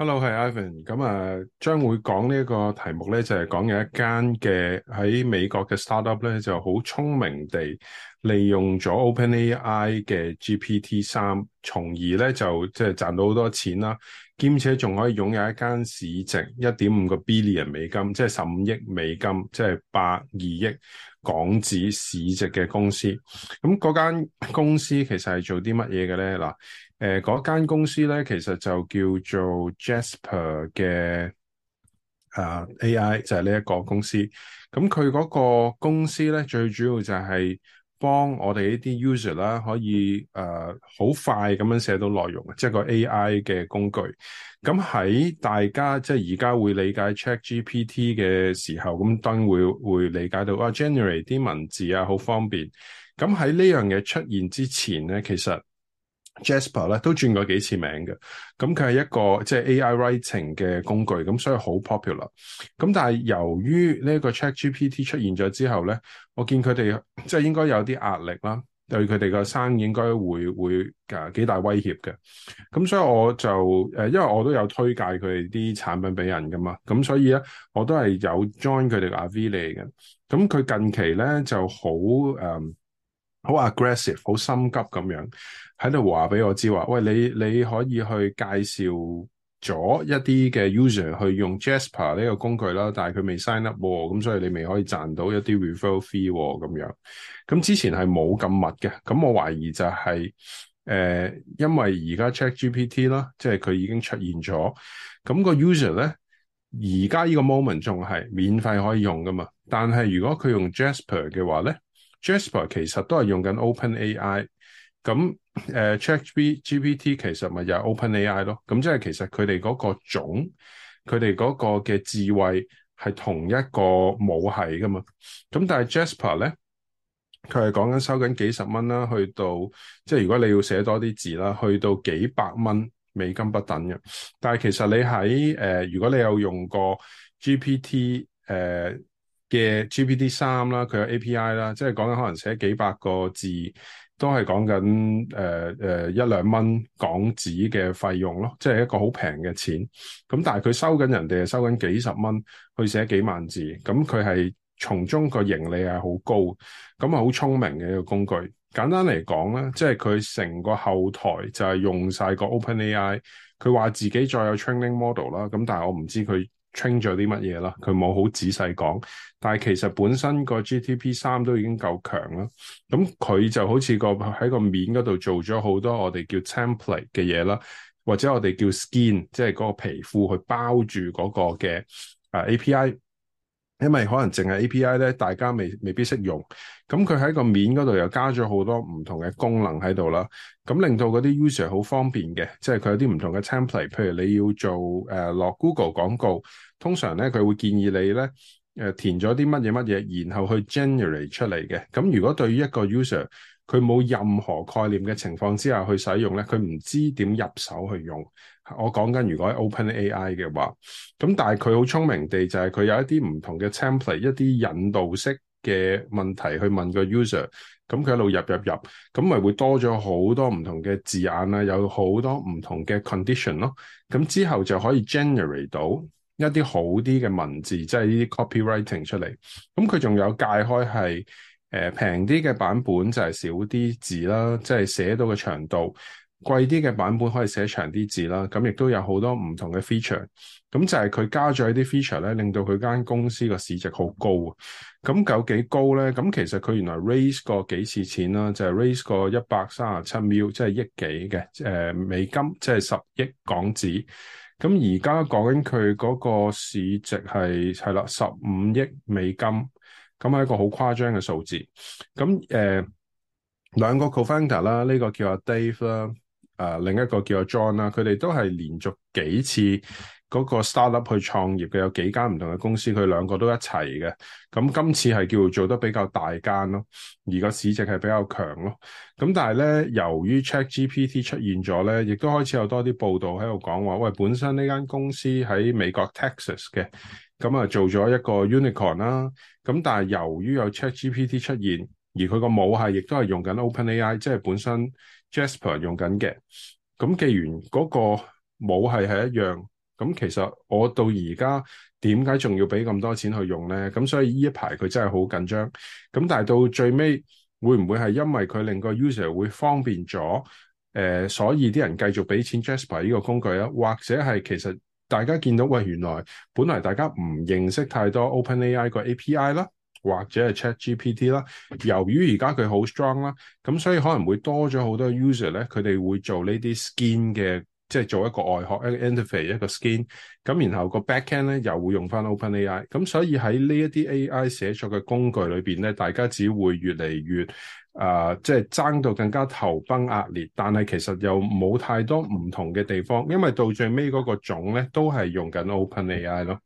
Hello，係 Ivan，咁啊，將會講呢個題目咧，就係、是、講有一間嘅喺美國嘅 startup 咧，就好聰明地。利用咗 OpenAI 嘅 GPT 三，從而咧就即係賺到好多錢啦，兼且仲可以擁有一間市值一點五個 billion 美金，即係十五億美金，即係百二億港紙市值嘅公司。咁嗰間公司其實係做啲乜嘢嘅咧？嗱、呃，誒嗰間公司咧，其實就叫做 Jasper 嘅啊、uh, AI，就係呢一個公司。咁佢嗰個公司咧，最主要就係、是。幫我哋呢啲 user 啦，可以誒好、呃、快咁樣寫到內容，即係個 AI 嘅工具。咁喺大家即係而家會理解 ChatGPT 嘅時候，咁當然會會理解到啊，generate 啲文字啊，好方便。咁喺呢樣嘢出現之前咧，其實。Jasper 咧都轉過幾次名嘅，咁佢係一個即係、就是、AI writing 嘅工具，咁所以好 popular。咁但係由於呢個 ChatGPT 出現咗之後咧，我見佢哋即係應該有啲壓力啦，對佢哋個生意應該會會誒幾大威脅嘅。咁所以我就誒，因為我都有推介佢哋啲產品俾人噶嘛，咁所以咧我都係有 join 佢哋阿 V 嚟嘅。咁佢近期咧就好誒。嗯好 aggressive，好心急咁樣喺度話俾我知話，喂你你可以去介紹咗一啲嘅 user 去用 Jasper 呢個工具啦，但係佢未 sign up，咁所以你未可以賺到一啲 refer fee 咁樣。咁之前係冇咁密嘅，咁我懷疑就係誒，因為而家 check GPT 啦，即係佢已經出現咗，咁個 user 咧而家呢個 moment 仲係免費可以用噶嘛，但係如果佢用 Jasper 嘅話咧？Jasper 其實都係用緊 Open AI，咁誒、呃、ChatGPT 其實咪又 Open AI 咯，咁即係其實佢哋嗰個種，佢哋嗰個嘅智慧係同一個母系㗎嘛，咁但係 Jasper 咧，佢係講緊收緊幾十蚊啦，去到即係如果你要寫多啲字啦，去到幾百蚊美金不等嘅，但係其實你喺誒、呃，如果你有用過 GPT 誒、呃。嘅 GPT 三啦，佢有 API 啦，即係講緊可能寫幾百個字，都係講緊誒誒一兩蚊港紙嘅費用咯，即係一個好平嘅錢。咁但係佢收緊人哋係收緊幾十蚊去寫幾萬字，咁佢係從中個盈利係好高，咁啊好聰明嘅一個工具。簡單嚟講咧，即係佢成個後台就係用晒個 OpenAI，佢話自己再有 training model 啦，咁但係我唔知佢。t r a n g 咗啲乜嘢啦？佢冇好仔細講，但係其實本身個 GTP 三都已經夠強啦。咁佢就好似個喺個面嗰度做咗好多我哋叫 template 嘅嘢啦，或者我哋叫 skin，即係嗰個皮膚去包住嗰個嘅啊、uh, API。因為可能淨係 API 咧，大家未未必識用，咁佢喺個面嗰度又加咗好多唔同嘅功能喺度啦，咁、嗯、令到嗰啲 user 好方便嘅，即係佢有啲唔同嘅 template，譬如你要做誒落、呃、Google 廣告，通常咧佢會建議你咧誒、呃、填咗啲乜嘢乜嘢，然後去 generate 出嚟嘅，咁、嗯、如果對於一個 user。佢冇任何概念嘅情況之下去使用咧，佢唔知點入手去用。我講緊如果 OpenAI 嘅話，咁但係佢好聰明地就係佢有一啲唔同嘅 template，一啲引導式嘅問題去問個 user。咁佢一路入入入，咁咪會多咗好多唔同嘅字眼啊，有好多唔同嘅 condition 咯。咁之後就可以 generate 到一啲好啲嘅文字，即係呢啲 copywriting 出嚟。咁佢仲有解開係。誒，平啲嘅版本就係少啲字啦，即係寫到嘅長度。貴啲嘅版本可以寫長啲字啦，咁亦都有好多唔同嘅 feature。咁就係佢加咗一啲 feature 咧，令到佢間公司個市值好高啊。咁有幾高咧？咁其實佢原來 raise 過幾次錢啦，就係、是、raise 過一百三十七 million，即係億幾嘅誒美金，即係十億港紙。咁而家講緊佢嗰個市值係係啦，十五億美金。咁係一個好誇張嘅數字，咁誒、呃、兩個 co-founder 啦，呢個叫阿 Dave 啦、呃，啊另一個叫阿 John 啦，佢哋都係連續幾次。嗰個 startup 去創業嘅有幾間唔同嘅公司，佢兩個都一齊嘅。咁今次係叫做做得比較大間咯，而個市值係比較強咯。咁但係咧，由於 ChatGPT 出現咗咧，亦都開始有多啲報道喺度講話，喂，本身呢間公司喺美國 Texas 嘅，咁啊做咗一個 unicorn 啦。咁但係由於有 ChatGPT 出現，而佢個武器亦都係用緊 OpenAI，即係本身 Jasper 用緊嘅。咁既然嗰個武器係一樣。咁其實我到而家點解仲要俾咁多錢去用呢？咁所以呢一排佢真係好緊張。咁但係到最尾會唔會係因為佢令個 user 會方便咗？誒、呃，所以啲人繼續俾錢 Jasper 呢個工具咧，或者係其實大家見到喂、呃、原來本來大家唔認識太多 OpenAI 個 API 啦，或者係 ChatGPT 啦。由於而家佢好 strong 啦，咁所以可能會多咗好多 user 咧，佢哋會做呢啲 skin 嘅。即係做一個外殼，一個 interface，一個 skin，咁然後個 back end 咧又會用翻 OpenAI，咁所以喺呢一啲 AI 寫作嘅工具裏邊咧，大家只會越嚟越啊，即、呃、係、就是、爭到更加頭崩額裂，但係其實又冇太多唔同嘅地方，因為到最尾嗰個種咧都係用緊 OpenAI 咯。